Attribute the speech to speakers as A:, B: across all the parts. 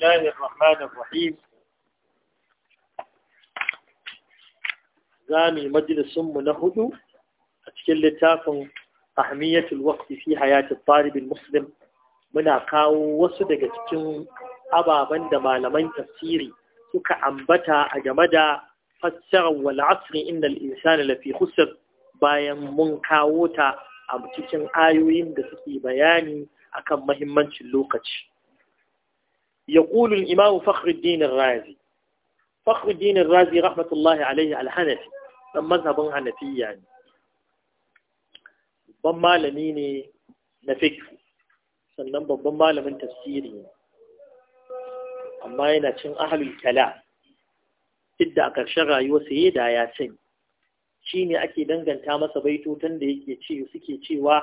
A: الله الرحمن الرحيم زامي مجلس منهد أتكل تافن أهمية الوقت في حياة الطالب المسلم منا قاو وصدق تكون أبا بند ما لمن تفسيري سك أنبتا أجمدا فسر والعصر إن الإنسان لفي خسر bayan mun kawo ta a cikin ayoyin da suke bayani akan mahimmancin lokaci يقول الإمام فخر الدين الرازي فخر الدين الرازي رحمة الله عليه الحنفي dan mazhabin hanafiya ne babban malami ne na sannan babban malamin tafsiri ne amma yana cin ahlul kala idda a ƙarshen rayuwarsa ya da ya sani shi ne ake danganta masa baitotan da yake ce suke cewa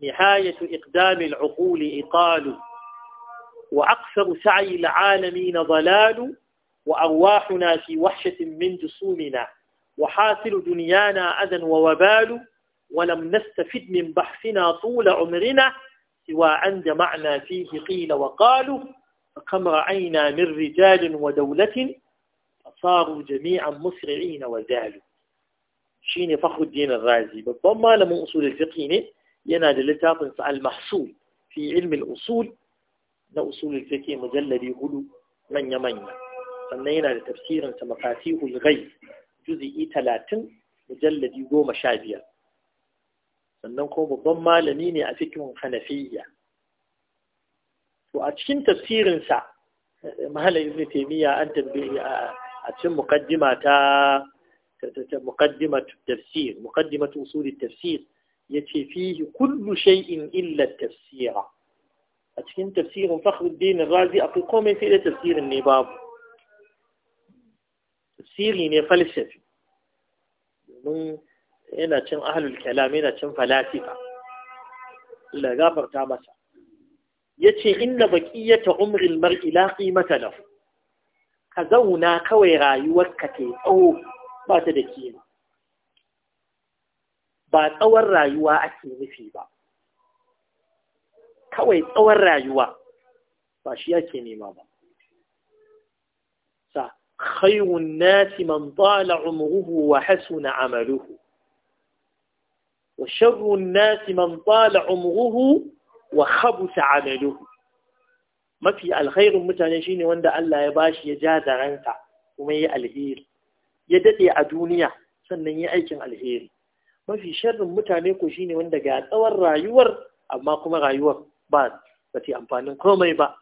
A: nihayatu iqdamil uquli iqalu وأقصر سعي العالمين ضلال وأرواحنا في وحشة من جسومنا وحاصل دنيانا أذى ووبال ولم نستفد من بحثنا طول عمرنا سوى أن جمعنا فيه قيل وقالوا فكم رأينا من رجال ودولة فصاروا جميعا مسرعين وزالوا شين فخر الدين الرازي بالضم لم أصول الفقه ينادى لتاقنص المحصول في علم الأصول na usulul fiqh mujalladi hudu manya manya sannan yana da tafsirin sa mafatihul ghaib juz'i 30 mujalladi 15 sannan kuma babban malami ne a fiqhin hanafiyya to a cikin tafsirin sa malam ibn taymiya an tambayi a cikin muqaddima ta مقدمة التفسير مقدمة أصول التفسير يتي فيه كل شيء illa tafsira. a cikin tafsirin fakhruddin razi akwai komai sai da tafsirin ne babu tafsiri ne falsafi domin yana cin ahlul kalam yana cin falasifa Allah ya gafarta masa yace inda baqiyata umri almar'i la qimata lahu ka zauna kawai ka ke tsawo ba ta da kima ba tsawon rayuwa ake nufi ba kawai tsawon rayuwa ba shi yake nema ba sa khayrun nasi man dala umruhu wa hasuna amaluhu wa sharrun nasi man dala umruhu wa khabuta amaluhu mafi alkhairin mutane shine wanda Allah ya bashi ya ja zaranta kuma ya alheri ya dade a duniya sannan ya aikin alheri mafi sharrin mutane ko shine wanda ga tsawon rayuwar amma kuma rayuwar ba ba ce amfanin komai ba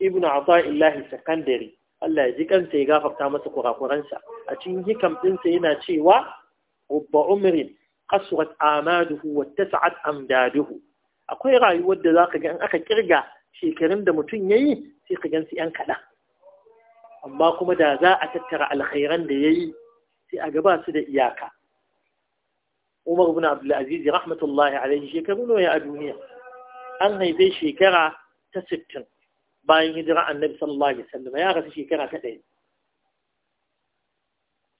A: ibnu ata'illahi sakandari Allah ya ji kansa ya gafarta masa kurakuransa a cikin hikam ɗinsa yana cewa ubba umrin qasrat amaduhu wattasa'at amdaduhu akwai rayuwar da zaka ga in aka kirga shekarun da mutum yayi sai ka gansu yan kaɗan amma kuma da za a tattara alkhairan da yayi sai a gaba su da iyaka Umar ibn Abdul Aziz rahmatullahi alaihi shekaru nawa a duniya أني ذي كرا تسكن باين يدرى النبي صلى الله عليه وسلم يا غسي شي كرا كدين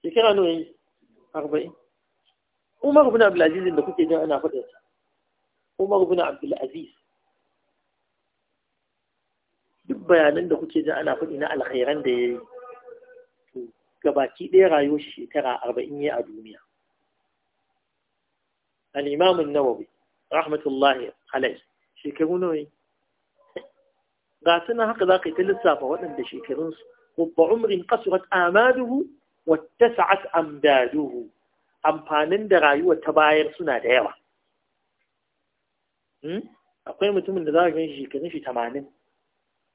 A: شي كرا نوين أربعين عمر بن عبد العزيز اللي كنت أنا فتت عمر بن عبد العزيز بيان عندك كنت أنا فتت إن الخيران دي gabaki ɗaya rayuwar shekara arba'in ya a duniya. al-imamun nawawi rahmatullahi alaihi shekaru nawa ga suna haka za ka yi ta lissafa waɗanda shekarunsu rubba umrin kasurat amaduhu wata sa'at amdaduhu amfanin da rayuwa ta bayar suna da yawa hmm? akwai mutumin da za ka gan shekarun shi tamanin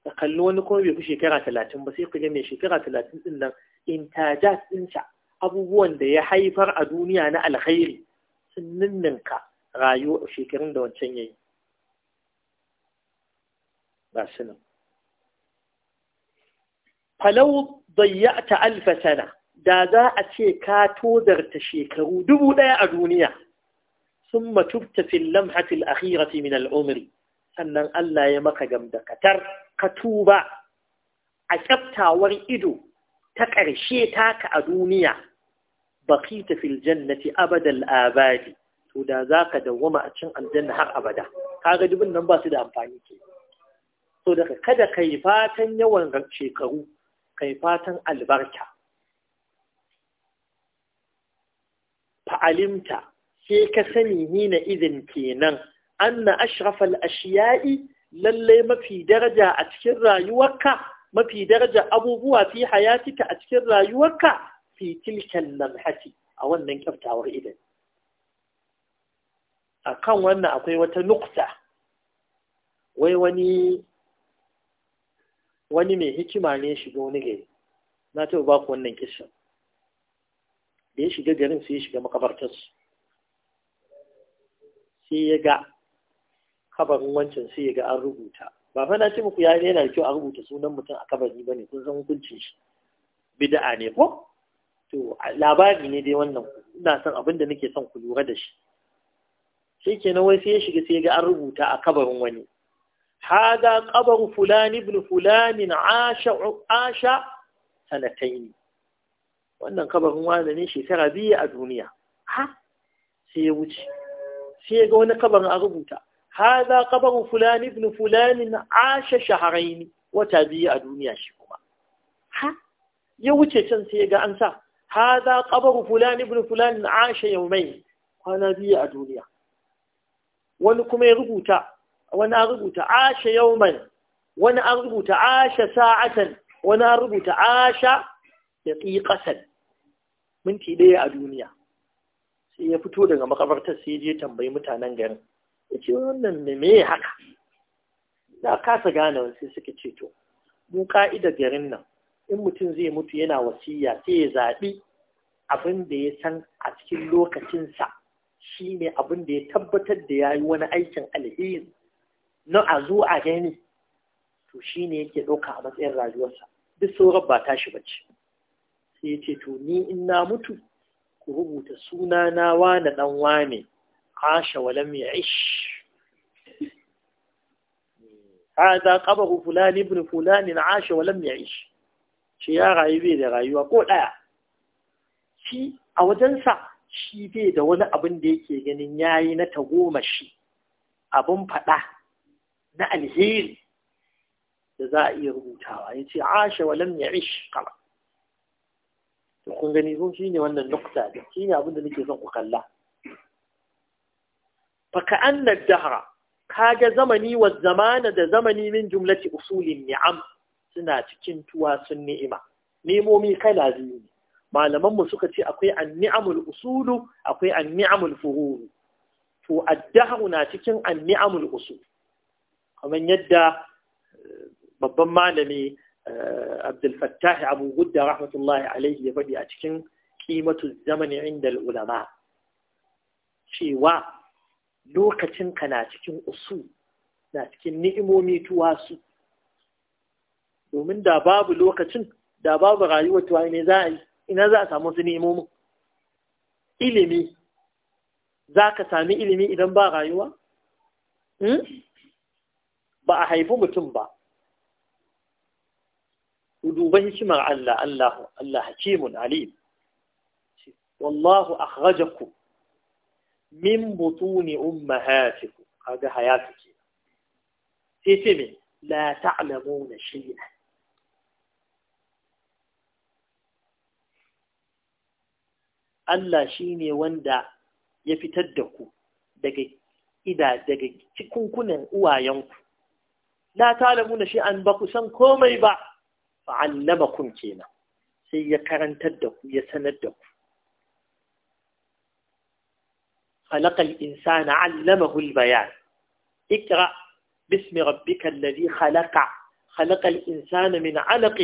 A: ka kalli wani kuma bai fi shekara talatin ba sai ka gane mai shekara talatin din nan intajat ɗinsa abubuwan da ya haifar a duniya na alkhairi sun ninninka rayuwa shekarun da wancan yayi su nan falau dayyata alfa sana da za a ce ka tozarta shekaru dubu ɗaya a duniya sun matubta fil lamhatil akhirati min al'umri sannan Allah ya maka katar ka tuba a ƙyabtawar ido ta ƙarshe taka a duniya baki fil jannati abadal abadi to da zaka dawwama a cin aljanna har abada ga dubun nan ba su da amfani ke so daga kada ka yi fatan yawan shekaru ka yi fatan albarka fa'alimta sai ka sani ni na izin kenan an na ashrafal ashiya'i lallai mafi daraja a cikin rayuwarka mafi daraja abubuwa fi hayatika a cikin rayuwarka fi tilkan lamhati a wannan kyaftawar idan a kan wannan akwai wata nukta wai wani wani mai hikima ne shiga wani gari na taɓa ba ku wannan kisa da ya shiga garin sai ya shiga makabartarsu sai ya ga kabarin wancan sai ya ga an rubuta ba fa na ce muku ya yana da kyau a rubuta sunan mutum a kabari ne. kun san hukuncin shi bid'a ne ko to labari ne dai wannan ina son abin da nake son ku lura da shi sai kenan wai sai ya shiga sai ya ga an rubuta a kabarin wani hada qabru fulan bin fulanin asha asha sanatayn wannan ƙabarin wani ne shekara biyu a duniya ha sai ya wuce sai ya ga wani ƙabarin a rubuta hada kabarin fulani bin fulanin asha shaharaini wata biyu a duniya shi kuma ha ya wuce can sai ya ga an sa hada kabarin fulani bin fulanin asha yaumai kwana biyu a duniya wani kuma ya rubuta wani an rubuta asha yawman wani an rubuta asha sa'atan wani an rubuta asha da tsiƙasan minti ɗaya a duniya sai ya fito daga makabartar sai je tambayi mutanen garin ya ce wannan ne me haka na kasa gane sai suka ce to mu ka'idar garin nan in mutum zai mutu yana wasiya sai ya zaɓi abin da ya san a cikin lokacinsa shi ne abin da ya tabbatar da ya yi wani aikin alheri na a zo a gani to shi ne yake ɗauka a matsayin rayuwarsa duk sauran ba shi bace sai ce to ni in na mutu ku rubuta suna na wane ɗan wane kasha walam A ish هذا قبر Fulani na ashe wa ولم ishi shi ya rayu bai da rayuwa ko ɗaya shi a wajensa shi bai da wani abin da yake ganin yayi na tagomashi abin faɗa na alheri da za a iya rubutawa ya ce ashe walam ya ish kama da kun gani kun shi ne wannan nukta da shi ne abinda nake son ku kalla faka an na dahara kaga zamani wa zamana da zamani min jumlati usulin ni'am suna cikin tuwa sun ni'ima nemomi kala biyu ne malamanmu suka ce akwai an usulu akwai anni'amul ni'amul fururu to ad na cikin an ni'amul usulu kamar yadda eh, babban malami eh, abdulfattahi abu gudda rahmatullahi alaihi ya faɗi a cikin ƙimatu zamani inda ulama cewa lokacinka na cikin usu na cikin ni'imomi tuwasu domin da babu lokacin da babu rayuwar tuwa ne za a ina za a samu su ni'imomin ilimi za ka sami ilimi idan ba rayuwa? Hmm? ba a haifi mutum ba duban hikimar Allah Allah Allah hakimun alim wallahu akhrajakum min butuni ummahatikum kaga hayatu ke sai ce me la ta'lamuna shay'an Allah shine wanda ya fitar da ku daga ida daga cikunkunan uwayenku لا تعلمون شيئا ba ku san komai ba fa'allamakum kenan sai ya karantar da ku ya sanar da ku خلق الإنسان علمه البيان اقرأ باسم ربك الذي خلق خلق الإنسان من علق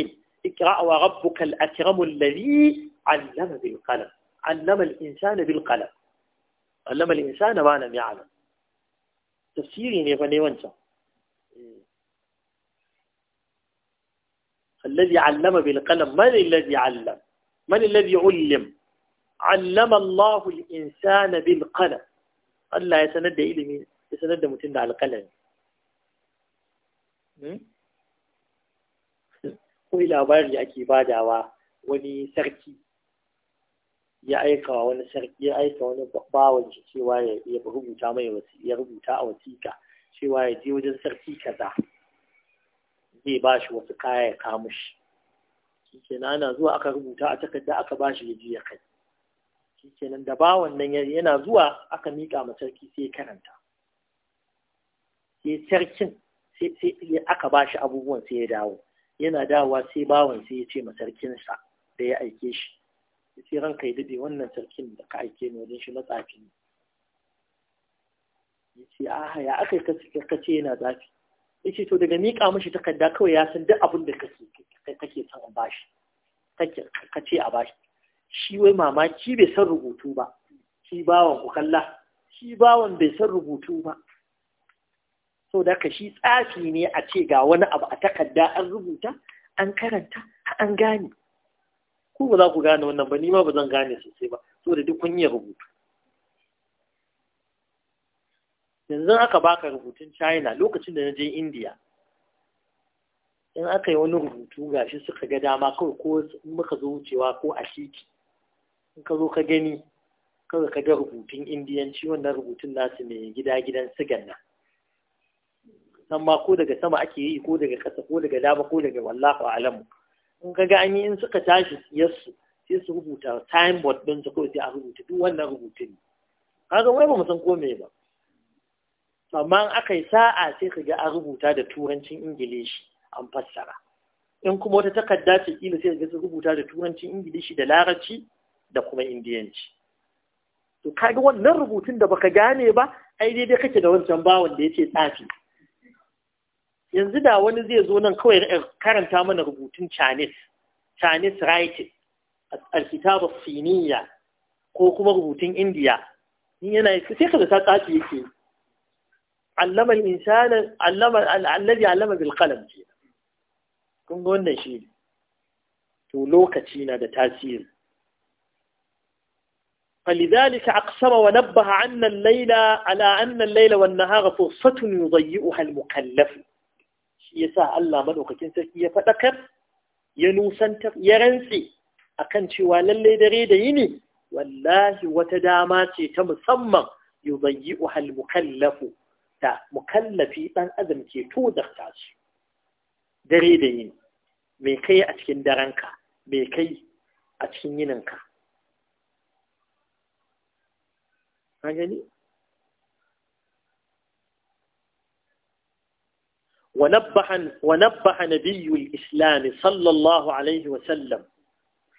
A: اقرأ وربك الأكرم الذي علم بالقلم علم الإنسان بالقلم علم الإنسان ما لم يعلم تفسيري نيفا نيوانسا الذي علم بالقلم من الذي علم من الذي علم علم الله الإنسان بالقلم Allah ya sanar da ilimi ya sanar da mutum da alƙalami kawai labarin ake badawa wani sarki ya aika wani sarki ya aika wani bawan shi cewa ya rubuta a wasiƙa cewa ya wajen sarki kaza zai ba shi wasu kaya ya kamu shi shi nan ana zuwa aka rubuta a takarda aka ba shi ya ji ya kai shi nan da ba wannan yana zuwa aka miƙa ma sarki sai ya karanta sai sarkin sai aka ba shi abubuwan sai ya dawo yana dawowa sai bawan sai ya ce ma sarkinsa da ya aike shi sai ranka ya daɗe wannan sarkin da ka aike ni wajen shi matsafi ne ya ce aha ya aka ka ce yana zafi yace to daga miƙa mashi takarda kawai ya san duk abin da kake kake son a bashi ka ce a bashi shi wai mamaki bai san rubutu ba shi bawan ku kalla shi bawan bai san rubutu ba so da ka shi tsafi ne a ce ga wani abu a takarda an rubuta an karanta an gane ku ba za ku gane wannan ba ni ma ba zan gane sosai ba da duk kun yi rubutu yanzu aka baka rubutun china lokacin da na je india in aka yi wani rubutu gashi suka ga dama kawai ko muka zo wucewa ko a shiki in ka zo ka gani kawai ka ga rubutun indiyanci wannan rubutun nasu ne gida gidan sigan nan nan ma ko daga sama ake yi ko daga ƙasa ko daga dama ko daga wallahu alamu in ka ga an yi in suka tashi yasu sai su rubuta time board din su kawai sai a rubuta duk wannan rubutun ne. kaga wai ba mu san ko me ba amma aka yi sa'a sai ka ga an rubuta da turancin ingilishi an fassara in kuma wata takarda ce kila sai ga sun rubuta da turancin ingilishi da larabci da kuma indiyanci to kaga wannan rubutun da baka gane ba ai daidai kake da wancan bawan da yace tsafi yanzu da wani zai zo nan kawai karanta mana rubutun Chinese Chinese writing alkitabu siniya ko kuma rubutun India ni yana sai ka ta tsafi yake allama al-insana allama allazi allama bil qalam ce kun ga wannan shi to lokaci na da tasiri فلذلك أقسم ونبه عنا الليل على أن الليل والنهار فرصة يضيئها المكلف يسا الله من أخكين سكية فتكر ينوسن يرنسي أكن شوالا اللي دريد يني والله وتداماتي تمسمم يضيئها المكلف ta mukallafi ɗan adam ke tozarta su dare da yini mai kai a cikin daranka mai kai a cikin yininka gani ونبه نبي الإسلام صلى الله عليه وسلم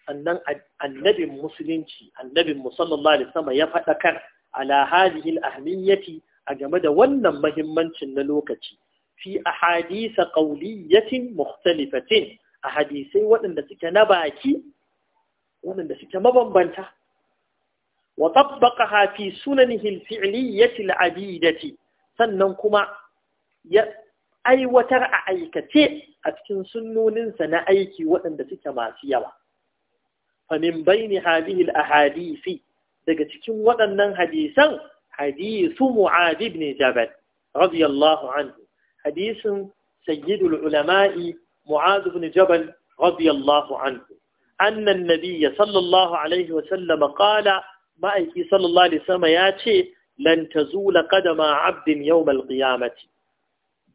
A: annan annabin muslunci, annabin musallallahu alaihi wasallam ya faɗakar ala hadhihi al a game da wannan mahimmancin na lokaci fi ahadisa qawliyatin mukhtalifatin a hadisai waɗanda suke na baki waɗanda suke mabambanta wa tabbaqaha fi sunanihi al-fi'liyyati al sannan kuma ya aiwatar a aikace a cikin sunnoninsa na aiki waɗanda suke masu yawa. Famin baini hadihil ahadisi daga cikin waɗannan hadisan حديث معاذ بن جبل رضي الله عنه حديث سيد العلماء معاذ بن جبل رضي الله عنه أن النبي صلى الله عليه وسلم قال ما أيكي صلى الله عليه وسلم ياتي لن تزول قدم عبد يوم القيامة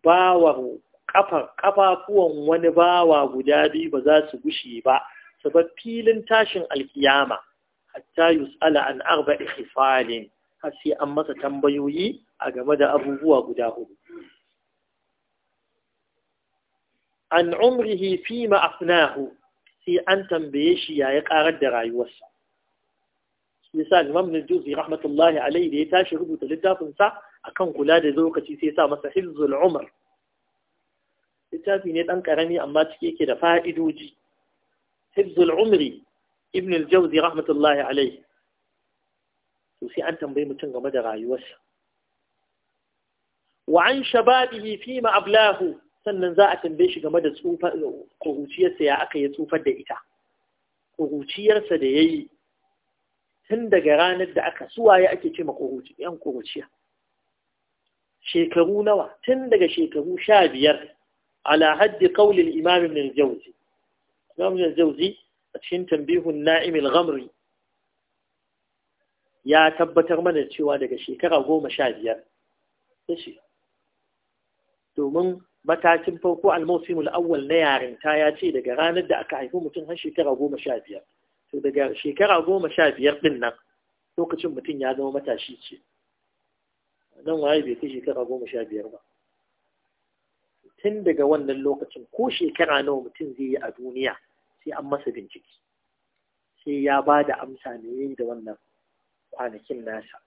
A: باوه ƙafafuwan wani bawa guda biyu ba za su gushe ba su filin tashin alkiyama hatta yus'ala an arba'i khifalin har sai an masa tambayoyi a game da abubuwa guda hudu an umrihi fi ma'afnahu sai an tambaye shi ya yi karar da rayuwarsa yasa Imam Najuzi rahmatullahi al-Ali da ya tashi rubuta littafinsa a akan kula da lokaci sai sa masa Hizzul Umar littafi ne dan karami amma cike yake da fa'idoji Hizzul Umri Ibn al rahmatullahi alaihi to sai an tambayi mutum game da rayuwarsa wa an shababihi fi ablahu sannan za a tambaye shi game da tsufa kuruciyarsa ya aka yi tsufar da ita kuruciyarsa da yayi tun daga ranar da aka suwaye ake ce ma yan kuruciya shekaru nawa tun daga shekaru sha biyar ala haddi kaulin imamin al-jawzi imamin al-jawzi a cikin tambihun na'im al-ghamri ya tabbatar mana cewa daga shekara goma sha biyar ta ce domin matakin farko almausimul awwal na yarinta ya ce daga ranar da aka haifi mutum har shekara goma sha biyar to daga shekara goma sha biyar din nan lokacin mutum ya zama matashi ce nan waye bai kai shekara goma sha biyar ba tun daga wannan lokacin ko shekara nawa mutum zai yi a duniya sai an masa bincike sai ya ba da amsa ne da wannan kwanakin nasa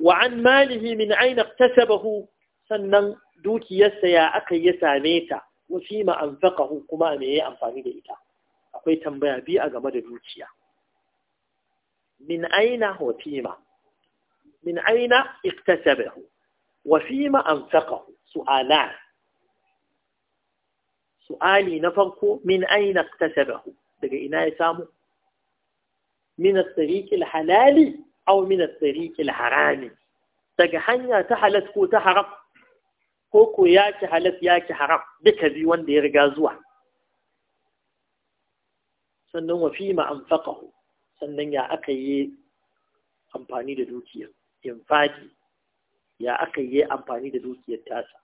A: wa an malihi min aina iktasabahu sannan dukiyarsa ya aka ya same ta wa fi ma anfaqahu kuma me yayi amfani da ita akwai tambaya bi a game da dukiya min aina wa ma min aina iktasabahu wa fi ma anfaqahu su'alan su'ali na farko min aina iktasabahu daga ina ya samu min at-tariq al-halali aw min at-tariq harami daga hanya ta halas ko ta haram ko ko ki halas ya ki haram duka biyu wanda ya riga zuwa sannan wa fi ma anfaqahu sannan ya aka yi amfani da dukiyar infaki ya aka yi amfani da dukiyar tasa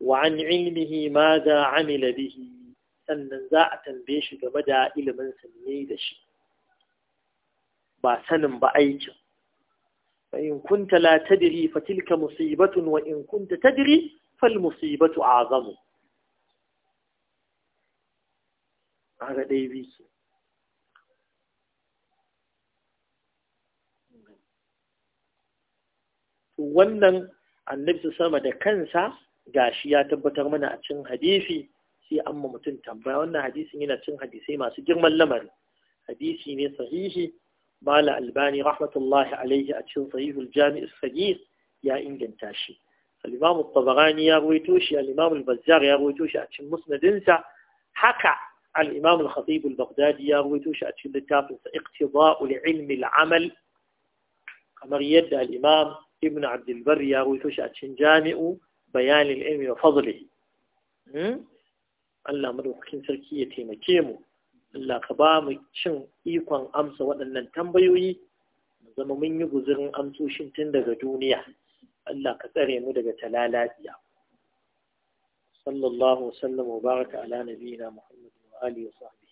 A: wa an ilmihi ma da amila bihi sannan za a tambaye shi game da ilimin sanye da shi ba sanin ba aikin in kunta la tadri fa tilka musibatun wa in kunta tadri fal musibatu azamu aga dai bi wannan annabi sama da kansa gashi ya tabbatar mana a cin hadisi sai ma mutum tambaya wannan hadisin yana cin hadisai masu girman lamari hadisi ne sahihi مال الباني رحمة الله عليه أتشو صحيح الجامع الخديث يا إنجن تاشي الإمام الطبغاني يا غويتوش يا الإمام البزار يا غويتوش أتشو مسند انسى حكى الإمام الخطيب البغدادي يا غويتوش أتشو لتافنس اقتضاء لعلم العمل كما يدى الإمام ابن عبد البر يا غويتوش أتشو جامع بيان العلم وفضله الله مروح كنسر كي يتيمكيمو Allah ka ba mu cin ikon amsa waɗannan tambayoyi mu zama mun yi guzurin amsoshin tun daga duniya Allah ka tsare mu daga talalaciya sallallahu wasallam wa baraka ala nabiyina Muhammad wa alihi wa sahbihi